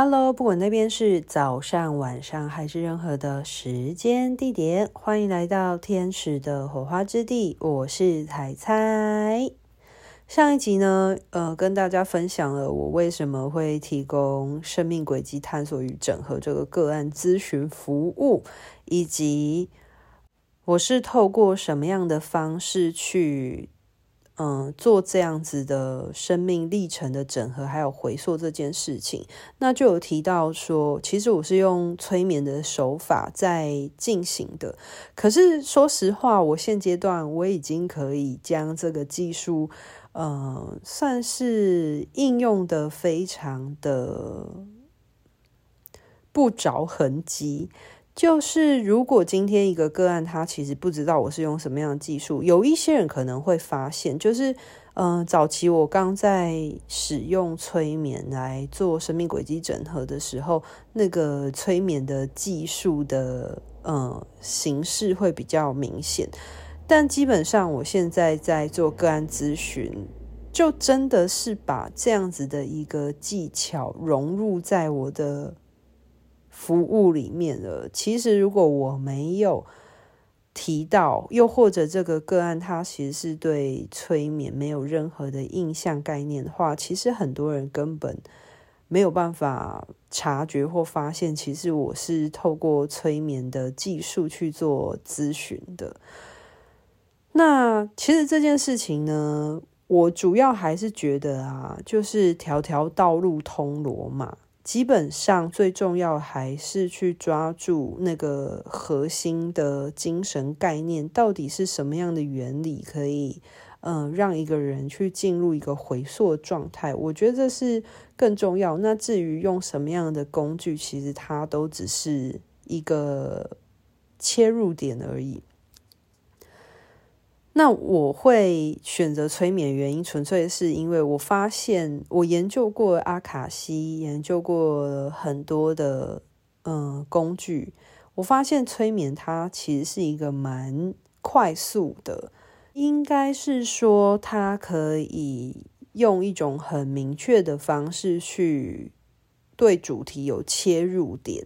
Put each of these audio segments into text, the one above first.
Hello，不管那邊是早上、晚上還是任何的時間地點，歡迎來到天使的火花之地。我是采采。上一集呢，呃，跟大家分享了我為什麼會提供生命軌跡探索與整合這個個案諮詢服務，以及我是透過什麼樣的方式去。嗯，做這樣子的生命歷程的整合還有回溯這件事情，那就有提到說，其實我是用催眠的手法在進行的。可是說實話，我現階段我已經可以將這個技術，嗯，算是應用的非常的不着痕跡。就是如果今天一個個案，他其實不知道我是用什麼樣的技術。有一些人可能會發現，就是，嗯，早期我剛在使用催眠來做生命軌跡整合的時候，那個催眠的技術的，嗯，形式會比較明顯。但基本上，我現在在做個案諮詢，就真的是把這樣子的一個技巧融入在我的。服務裡面了。其實，如果我沒有提到，又或者這個個案它其實是對催眠沒有任何的印象概念的話，其實很多人根本沒有辦法察覺或發現，其實我是透過催眠的技術去做諮詢的。那其實這件事情呢，我主要還是覺得啊，就是條條道路通羅馬。基本上最重要還是去抓住那個核心的精神概念，到底是什麼樣的原理可以，嗯、呃，讓一個人去進入一個回溯狀態。我覺得這是更重要。那至於用什麼樣的工具，其實它都只是一個切入點而已。那我會選擇催眠，原因純粹是因為我發現，我研究過阿卡西，研究過很多的嗯工具，我發現催眠它其實是一個蠻快速的，應該是說它可以用一種很明確的方式去對主題有切入點。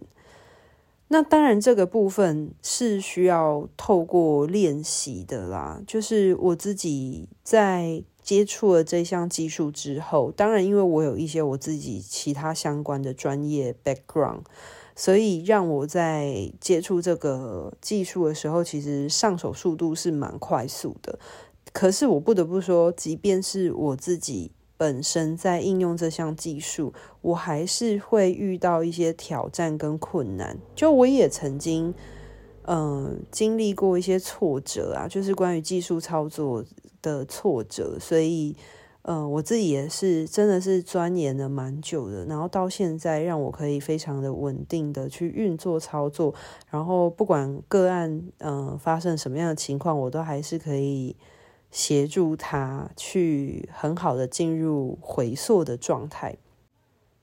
那當然，這個部分是需要透過練習的啦。就是我自己在接觸了這項技術之後，當然，因為我有一些我自己其他相關的專業 background，所以讓我在接觸這個技術的時候，其實上手速度是蠻快速的。可是我不得不說，即便是我自己，本身在應用這項技術，我還是會遇到一些挑戰跟困難。就我也曾經，嗯、呃，經歷過一些挫折啊，就是關於技術操作的挫折。所以，嗯、呃，我自己也是真的是鑽研了蠻久的，然後到現在讓我可以非常的穩定的去運作操作。然後不管個案，嗯、呃，發生什麼樣的情況，我都還是可以。協助他去很好的進入回溯的狀態。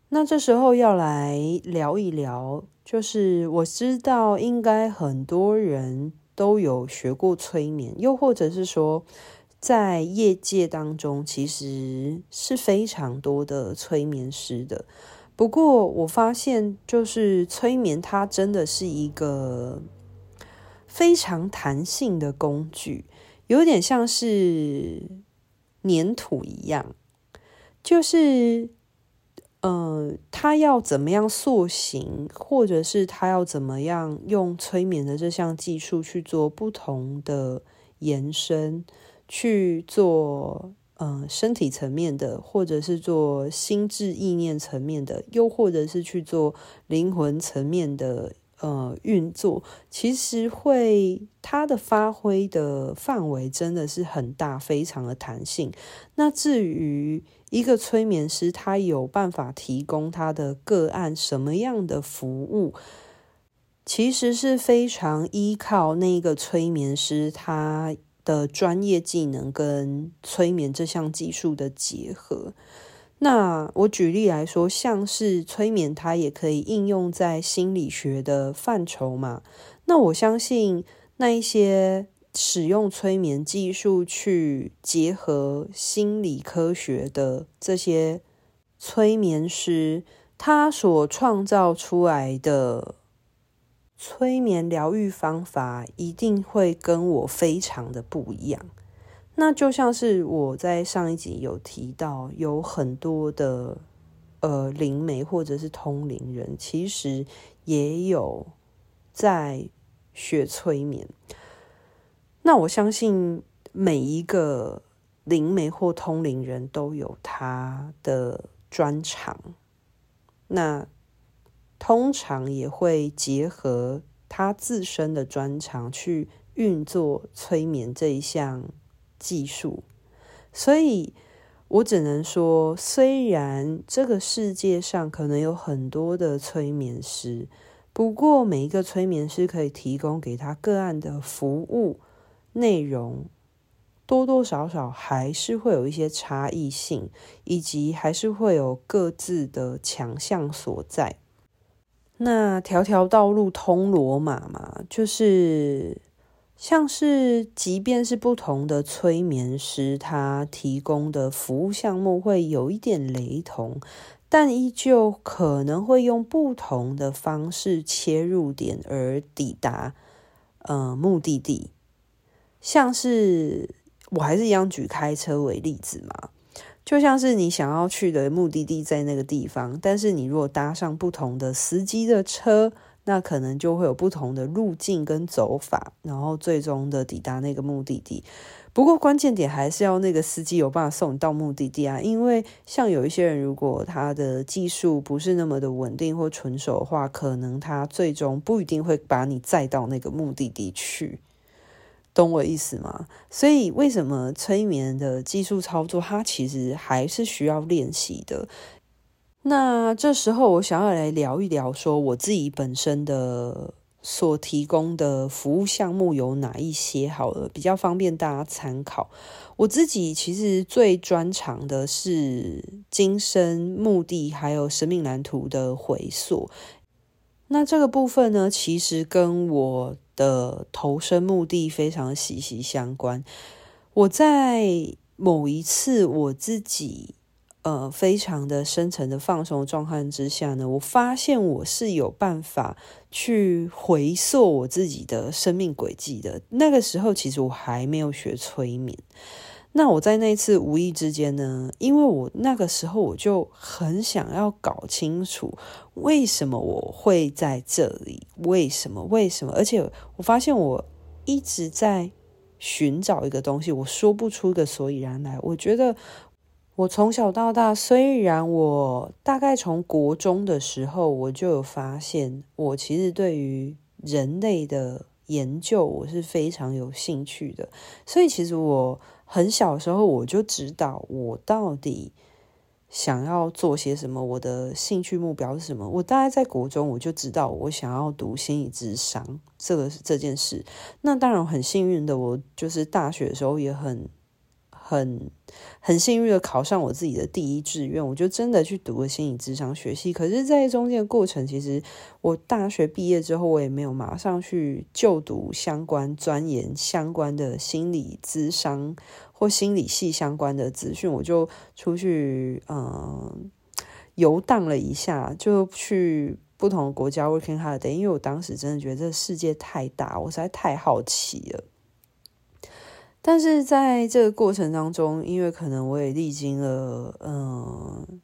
那這時候要來聊一聊，就是我知道應該很多人都有學過催眠，又或者是說在業界當中其實是非常多的催眠師的。不過我發現，就是催眠它真的是一個非常彈性的工具。有點像是粘土一樣，就是，嗯、呃，他要怎麼樣塑形，或者是他要怎麼樣用催眠的這項技術去做不同的延伸，去做嗯、呃，身體層面的，或者是做心智意念層面的，又或者是去做靈魂層面的。呃，運作其實會它的發揮的範圍真的是很大，非常的彈性。那至於一個催眠師，他有辦法提供他的個案什麼樣的服務，其實是非常依靠那個催眠師他的專業技能跟催眠這項技術的結合。那我舉例來說，像是催眠，它也可以應用在心理學的範疇嘛。那我相信，那一些使用催眠技術去結合心理科學的這些催眠師，他所創造出來的催眠療癒方法，一定會跟我非常的不一樣。那就像是我在上一集有提到，有很多的呃靈媒或者是通靈人，其實也有在學催眠。那我相信每一個靈媒或通靈人都有他的專長，那通常也會結合他自身的專長去運作催眠這一項。技術，所以我只能說，雖然這個世界上可能有很多的催眠師，不過每一個催眠師可以提供給他個案的服務內容，多多少少還是會有一些差異性，以及還是會有各自的強項所在。那條條道路通羅馬嘛，就是。像是，即便是不同的催眠師，他提供的服務項目會有一點雷同，但依舊可能會用不同的方式切入點而抵達，呃，目的地。像是，我還是一樣舉開車為例子嘛，就像是你想要去的目的地在那個地方，但是你若搭上不同的司機的車。那可能就會有不同的路徑跟走法，然後最終的抵達那個目的地。不過關鍵點還是要那個司機有辦法送你到目的地啊，因為像有一些人，如果他的技術不是那麼的穩定或純熟的話，可能他最終不一定會把你載到那個目的地去，懂我意思嗎？所以為什麼催眠的技術操作，它其實還是需要練習的。那這時候，我想要來聊一聊，說我自己本身的所提供的服務項目有哪一些好了，比較方便大家參考。我自己其實最專長的是今生目的還有生命藍圖的回溯。那這個部分呢，其實跟我的投生目的非常息息相關。我在某一次我自己。呃，非常的深層的放鬆狀態之下呢，我發現我是有辦法去回溯我自己的生命軌跡的。那個時候，其實我還沒有學催眠。那我在那一次無意之間呢，因為我那個時候我就很想要搞清楚為什麼我會在這裡，為什麼，為什麼？而且我發現我一直在尋找一個東西，我說不出個所以然來。我覺得。我從小到大，雖然我大概從國中的時候我就有發現，我其實對於人類的研究我是非常有興趣的。所以其實我很小的時候我就知道我到底想要做些什麼，我的興趣目標是什麼。我大概在國中我就知道我想要讀心理諮商這個是這件事。那當然很幸運的，我就是大學的時候也很。很很幸運的考上我自己的第一志願，我就真的去讀了心理諮商學系。可是，在中間的過程，其實我大學畢業之後，我也沒有馬上去就讀相關、鑽研相關的心理諮商或心理系相關的資訊，我就出去嗯遊蕩了一下，就去不同的國家 working holiday，因為我當時真的覺得這世界太大，我實在太好奇了。但是在這個過程當中，因為可能我也歷經了，嗯，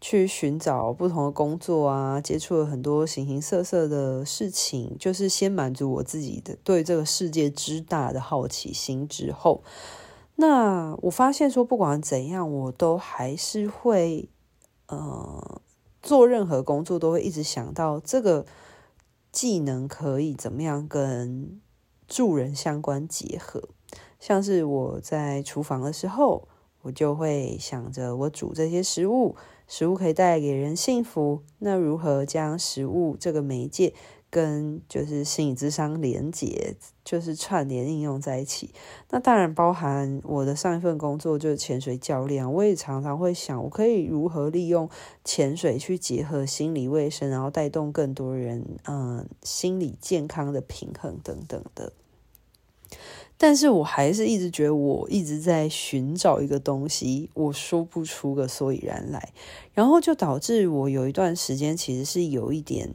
去尋找不同的工作啊，接觸了很多形形色色的事情。就是先滿足我自己的對這個世界之大的好奇心之後，那我發現說，不管怎樣，我都還是會，呃、嗯，做任何工作都會一直想到這個技能可以怎麼樣跟助人相關結合。像是我在廚房的時候，我就會想着我煮這些食物，食物可以帶給人幸福。那如何將食物這個媒介跟就是心理諮商連接，就是串聯應用在一起？那當然包含我的上一份工作就是潛水教練，我也常常會想，我可以如何利用潛水去結合心理衛生，然後帶動更多人，嗯，心理健康的平衡等等的。但是我還是一直覺得我一直在尋找一個東西，我說不出個所以然來，然後就導致我有一段時間其實是有一點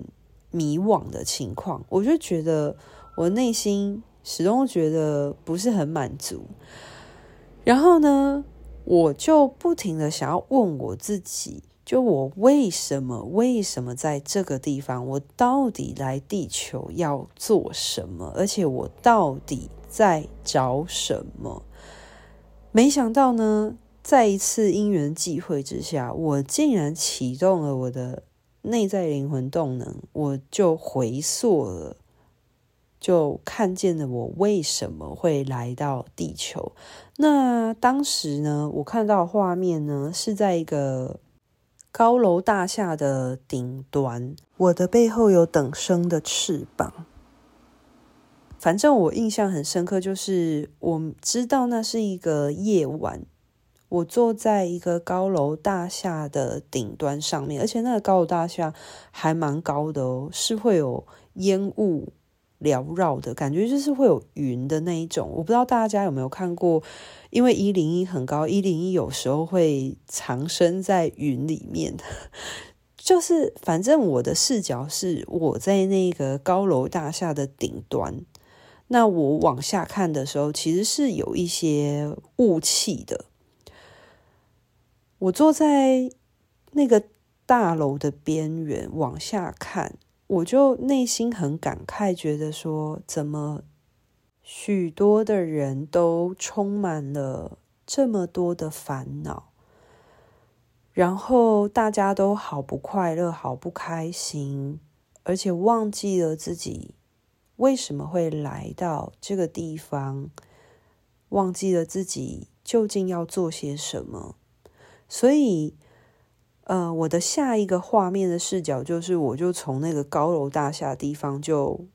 迷惘的情況，我就覺得我內心始終覺得不是很滿足，然後呢，我就不停的想要問我自己，就我為什麼，為什麼在這個地方，我到底來地球要做什麼，而且我到底。在找什麼？沒想到呢，在一次因緣際會之下，我竟然啟動了我的內在靈魂動能，我就回溯了，就看見了我為什麼會來到地球。那當時呢，我看到畫面呢，是在一個高樓大廈的頂端，我的背後有等身的翅膀。反正我印象很深刻，就是我知道那是一個夜晚，我坐在一個高樓大廈的頂端上面，而且那個高樓大廈還蠻高的哦，是會有煙霧繚繞的感覺，就是會有雲的那一種。我不知道大家有沒有看過，因為一零一很高，一零一有時候會藏身在雲裡面，就是反正我的視角是我在那個高樓大廈的頂端。那我往下看的時候，其實是有一些霧氣的。我坐在那個大樓的邊緣往下看，我就內心很感慨，覺得說，怎麼許多的人都充滿了這麼多的煩惱，然後大家都好不快樂，好不開心，而且忘記了自己。為什麼會來到這個地方？忘記了自己究竟要做些什麼？所以，呃，我的下一個畫面的視角就是，我就從那個高樓大廈地方就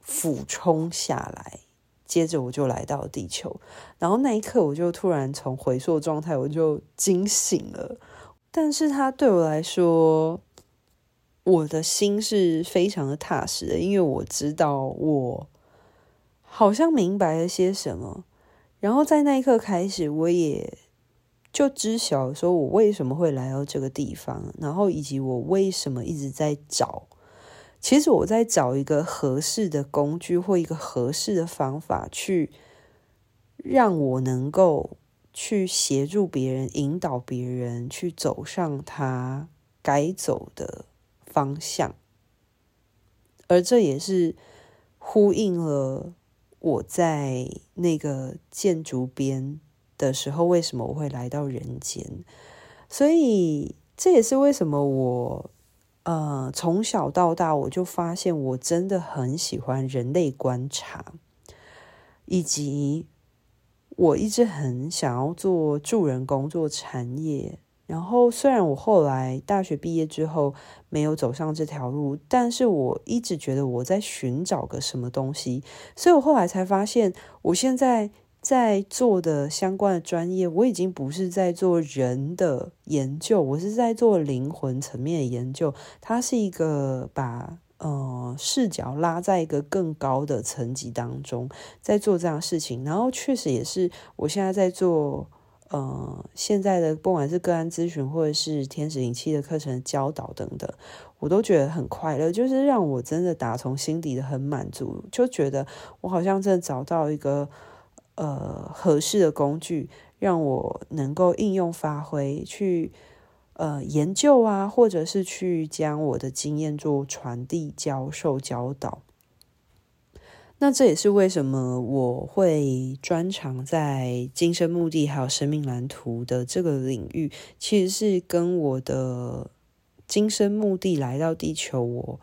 俯衝下來，接着我就來到地球，然後那一刻我就突然從回溯狀態，我就驚醒了。但是它對我來說，我的心是非常的踏實的，因為我知道我好像明白了些什麼。然後在那一刻開始，我也就知曉說，我為什麼會來到這個地方，然後以及我為什麼一直在找。其實我在找一個合適的工具或一個合適的方法，去讓我能夠去協助別人、引導別人去走上他該走的。方向，而這也是呼應了我在那個建築邊的時候，為什麼我會來到人間。所以這也是為什麼我呃從小到大，我就發現我真的很喜歡人類觀察，以及我一直很想要做助人工作產業。然後，雖然我後來大學畢業之後沒有走上這條路，但是我一直覺得我在尋找個什麼東西，所以我後來才發現，我現在在做的相關的專業，我已經不是在做人的研究，我是在做靈魂層面的研究。它是一個把呃視角拉在一個更高的層級當中，在做這樣的事情。然後，確實也是我現在在做。嗯、呃，現在的不管是個案諮詢，或者是天使靈氣的課程的教導等等，我都覺得很快樂，就是讓我真的打從心底的很滿足，就覺得我好像正找到一個呃合適的工具，讓我能夠應用發揮去呃研究啊，或者是去將我的經驗做傳遞、教授、教導。那這也是為什麼我會專長在今生目的還有生命藍圖的這個領域，其實是跟我的今生目的來到地球，我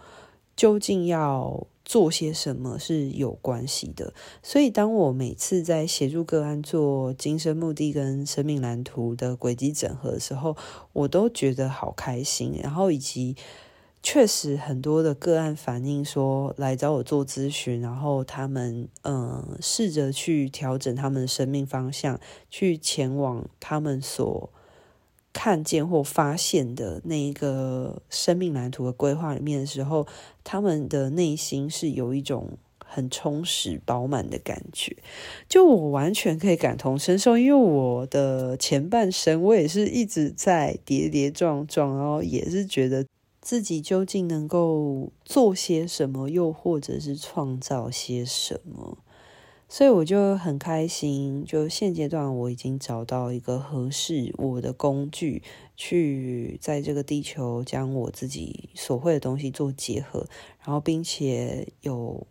究竟要做些什麼是有關係的。所以，當我每次在協助個案做今生目的跟生命藍圖的軌跡整合的時候，我都覺得好開心，然後以及。確實，很多的個案反映說來找我做諮詢，然後他們嗯，試着去調整他們的生命方向，去前往他們所看見或發現的那一個生命藍圖的規劃裡面的時候，他們的內心是有一種很充實、飽滿的感覺。就我完全可以感同身受，因為我的前半生我也是一直在跌跌撞撞，然後也是覺得。自己究竟能夠做些什麼，又或者是創造些什麼？所以我就很開心，就現階段我已經找到一個合適我的工具，去在這個地球將我自己所會的東西做結合，然後並且有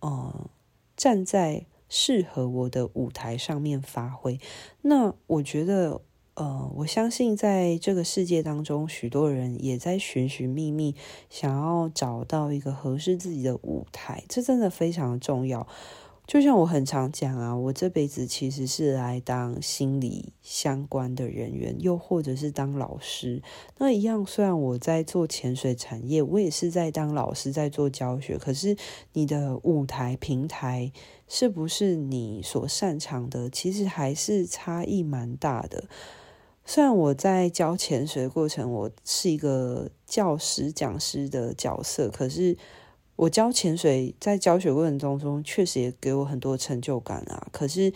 嗯、呃、站在適合我的舞台上面發揮。那我覺得。呃，我相信在這個世界當中，許多人也在尋尋覓覓，想要找到一個合適自己的舞台，這真的非常重要。就像我很常講啊，我這輩子其實是來當心理相關的人員，又或者是當老師那一樣。雖然我在做潛水產業，我也是在當老師，在做教學，可是你的舞台平台是不是你所擅長的，其實還是差異蠻大的。雖然我在教潛水的過程，我是一個教師、講師的角色，可是我教潛水在教學過程當中，確實也給我很多成就感啊。可是，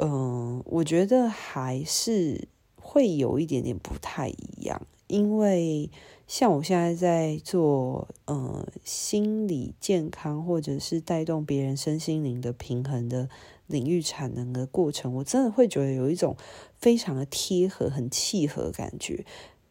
嗯、呃，我覺得還是會有一點點不太一樣，因為像我現在在做，嗯、呃，心理健康或者是帶動別人身心靈的平衡的，領域產能的過程，我真的會覺得有一種非常的貼合、很契合感覺，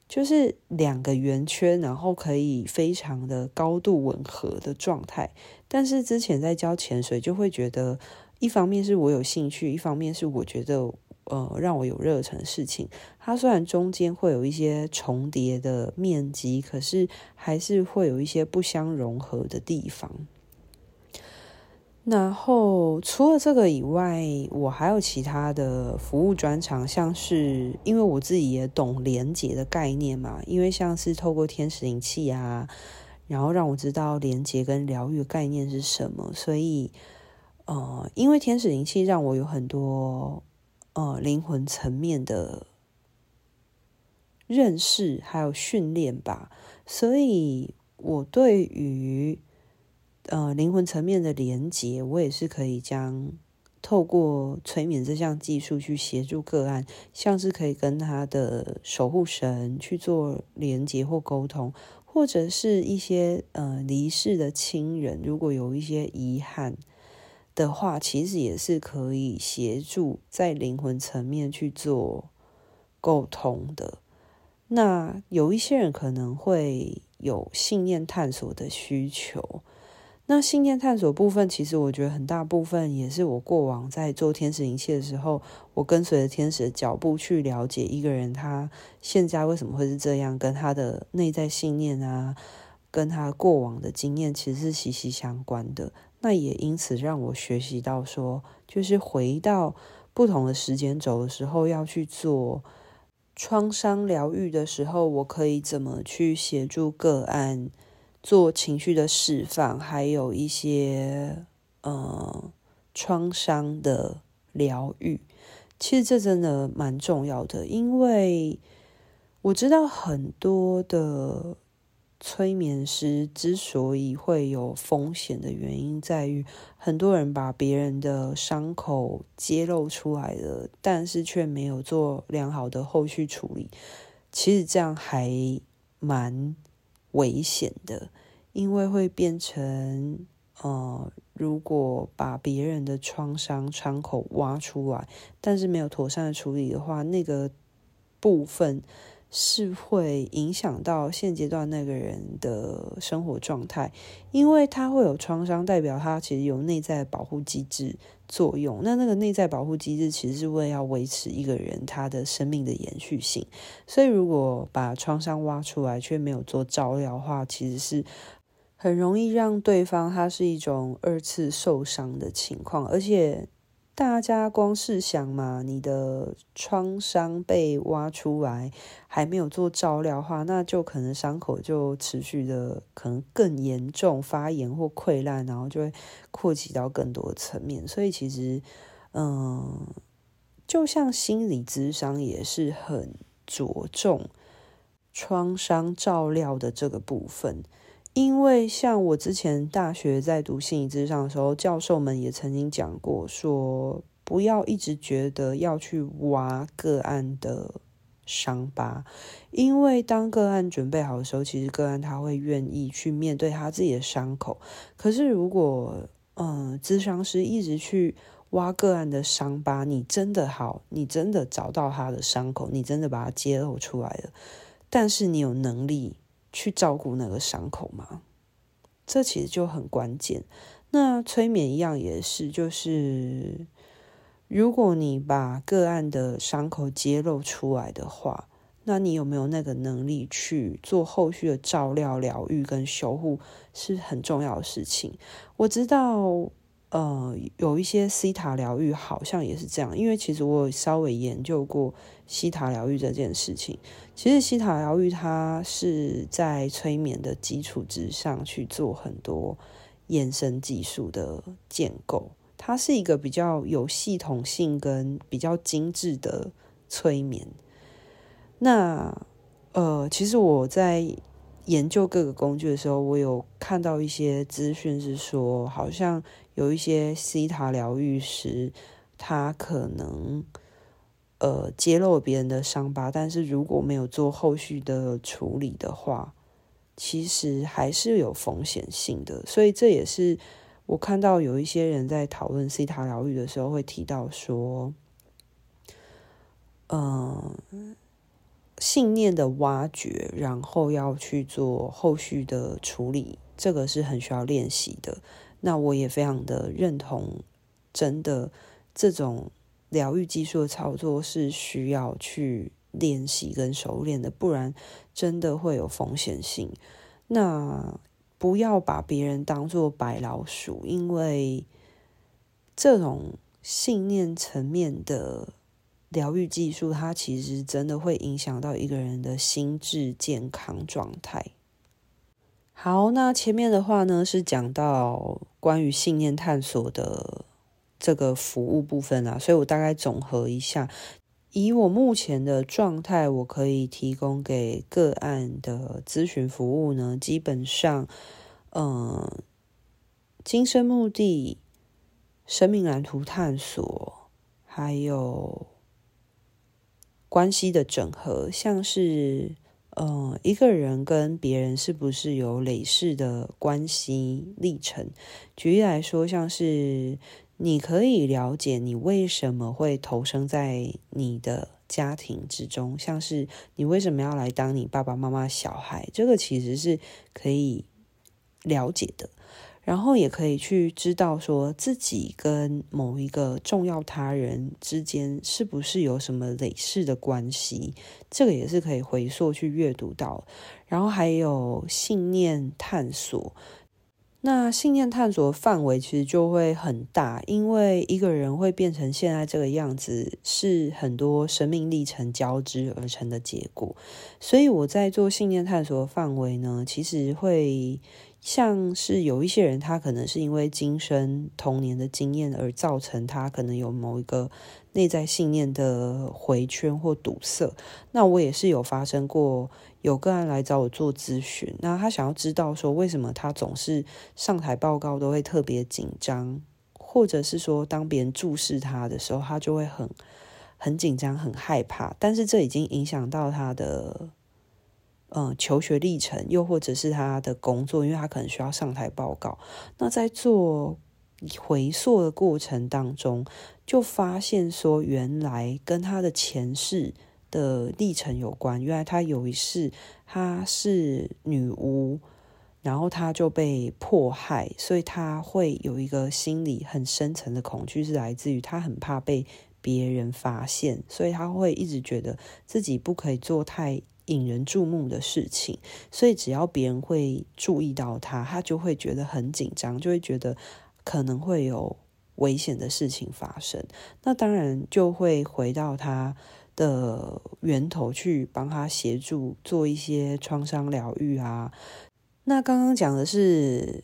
就是兩個圓圈，然後可以非常的高度吻合的狀態。但是之前在教潛水，就會覺得一方面是我有興趣，一方面是我覺得呃，讓我有熱忱的事情。它雖然中間會有一些重疊的面積，可是還是會有一些不相融合的地方。然後除了這個以外，我還有其他的服務專長，像是因為我自己也懂連結的概念嘛，因為像是透過天使靈氣啊，然後讓我知道連結跟療癒的概念是什麼，所以呃，因為天使靈氣讓我有很多呃靈魂層面的認識，還有訓練吧，所以我對於。呃，靈魂層面的連接，我也是可以將透過催眠這項技術去協助個案，像是可以跟他的守護神去做連接或溝通，或者是一些呃，離世的親人，如果有一些遺憾的話，其實也是可以協助在靈魂層面去做溝通的。那有一些人可能會有信念探索的需求。那信念探索部分，其實我覺得很大部分也是我過往在做天使靈氣的時候，我跟隨着天使的腳步去了解一個人他現在為什麼會是這樣，跟他的內在信念啊，跟他過往的經驗其實是息息相關的。那也因此讓我學習到說，就是回到不同的時間軸的時候，要去做創傷療癒的時候，我可以怎麼去協助個案。做情緒的釋放，還有一些嗯、呃、創傷的療癒，其實這真的蠻重要的。因為我知道很多的催眠師之所以會有風險的原因，在於很多人把別人的傷口揭露出來了，但是卻沒有做良好的後續處理。其實這樣還蠻。危險的，因為會變成，呃，如果把別人的創傷傷口挖出來，但是沒有妥善的處理的話，那個部分。是會影響到現階段那個人的生活狀態，因為他會有創傷，代表他其實有內在保護機制作用。那那個內在保護機制其實是為了要維持一個人他的生命的延續性。所以如果把創傷挖出來卻沒有做照料的話，其實是很容易讓對方他是一種二次受傷的情況，而且。大家光是想嘛，你的創傷被挖出來，還沒有做照料的話，那就可能傷口就持續的可能更嚴重發炎或潰爛，然後就會擴及到更多層面。所以其實，嗯，就像心理諮商也是很着重創傷照料的這個部分。因為像我之前大學在讀心理諮商的時候，教授們也曾經講過，說不要一直覺得要去挖個案的傷疤，因為當個案準備好的時候，其實個案他會願意去面對他自己的傷口。可是如果嗯，諮商師一直去挖個案的傷疤，你真的好，你真的找到他的傷口，你真的把它揭露出來了，但是你有能力。去照顧那個傷口嘛，這其實就很關鍵。那催眠一樣也是，就是如果你把個案的傷口揭露出來的話，那你有沒有那個能力去做後續的照料、療愈跟修復，是很重要的事情。我知道。呃，有一些西塔療癒好像也是這樣，因為其實我有稍微研究過西塔療癒這件事情。其實西塔療癒它是在催眠的基礎之上去做很多延伸技術的建構，它是一個比較有系統性跟比較精緻的催眠。那呃，其實我在。研究各個工具的時候，我有看到一些資訊，是說好像有一些西塔療癒師，他可能呃揭露別人的傷疤，但是如果沒有做後續的處理的話，其實還是有風險性的。所以這也是我看到有一些人在討論西塔療癒的時候會提到說，嗯、呃。信念的挖掘，然後要去做後續的處理，這個是很需要練習的。那我也非常的認同，真的這種療癒技術的操作是需要去練習跟熟練的，不然真的會有風險性。那不要把別人當做白老鼠，因為這種信念層面的。療癒技術，它其實真的會影響到一個人的心智健康狀態。好，那前面的話呢是講到關於信念探索的這個服務部分啦，所以我大概總合一下，以我目前的狀態，我可以提供給個案的諮詢服務呢，基本上，嗯，今生目的、生命藍圖探索，還有。關係的整合，像是，嗯、呃，一個人跟別人是不是有累世的關係歷程？舉例來說，像是你可以了解你為什麼會投生在你的家庭之中，像是你為什麼要來當你爸爸媽媽小孩，這個其實是可以了解的。然後也可以去知道說自己跟某一個重要他人之間是不是有什麼累世的關係，這個也是可以回溯去閱讀到。然後還有信念探索，那信念探索的範圍其實就會很大，因為一個人會變成現在這個樣子，是很多生命歷程交織而成的結果。所以我在做信念探索的範圍呢，其實會。像是有一些人，他可能是因為今生童年的經驗而造成他可能有某一個內在信念的回圈或堵塞。那我也是有發生過有個案來找我做諮詢，那他想要知道說為什麼他總是上台報告都會特別緊張，或者是說當別人注視他的時候，他就會很很緊張、很害怕，但是這已經影響到他的。呃、嗯，求學歷程，又或者是他的工作，因為他可能需要上台報告。那在做回溯的過程當中，就發現說，原來跟他的前世的歷程有關。原來他有一世他是女巫，然後他就被迫害，所以他會有一個心裡很深層的恐懼，是來自於他很怕被別人發現，所以他會一直覺得自己不可以做太。引人注目的事情，所以只要別人會注意到他，他就會覺得很緊張，就會覺得可能會有危險的事情發生。那當然就會回到他的源頭去，幫他協助做一些創傷療癒啊。那剛剛講的是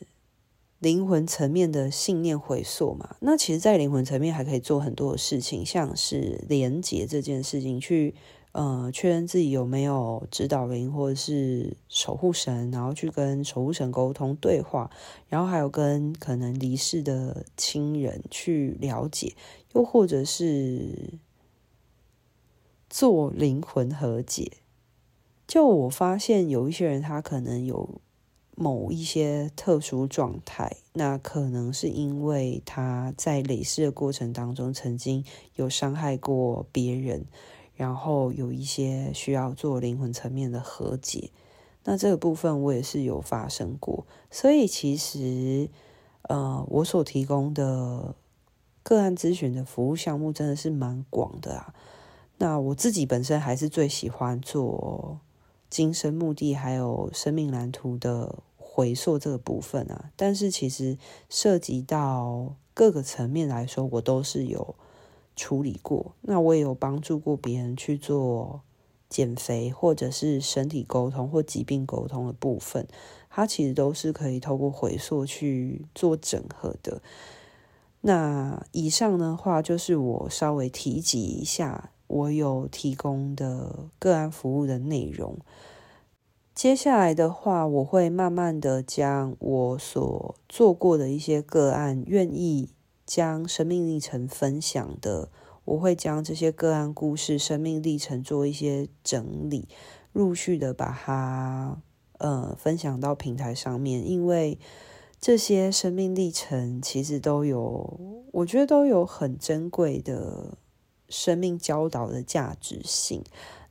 靈魂層面的信念回溯嘛，那其實，在靈魂層面還可以做很多的事情，像是連接這件事情去嗯，確認自己有沒有指導靈或者是守護神，然後去跟守護神溝通對話，然後還有跟可能離世的親人去了解，又或者是做靈魂和解。就我發現有一些人，他可能有某一些特殊狀態，那可能是因為他在累世的過程當中曾經有傷害過別人。然後有一些需要做靈魂層面的和解，那這個部分我也是有發生過，所以其實，呃，我所提供的個案諮詢的服務項目真的是蠻廣的啊。那我自己本身還是最喜歡做今生目的還有生命藍圖的回溯這個部分啊，但是其實涉及到各個層面來說，我都是有。處理過，那我也有幫助過別人去做減肥，或者是身體溝通或疾病溝通的部分，它其實都是可以透過回溯去做整合的。那以上的話就是我稍微提及一下我有提供的個案服務的內容。接下來的話，我會慢慢的將我所做過的一些個案，願意將生命歷程分享的，我會將這些個案故事、生命歷程做一些整理，陸續的把它，呃，分享到平台上面。因為這些生命歷程其實都有，我覺得都有很珍貴的生命教導的價值性。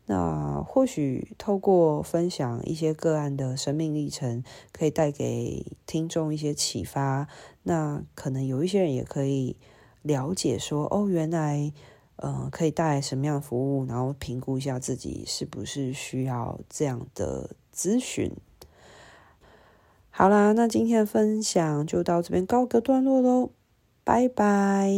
那或許透過分享一些個案的生命歷程，可以帶給聽眾一些啟發。那可能有一些人也可以了解說，哦，原來，呃，可以帶來什麼樣的服務，然後評估一下自己是不是需要這樣的諮詢。好啦，那今天的分享就到這邊告個段落嘍，拜拜。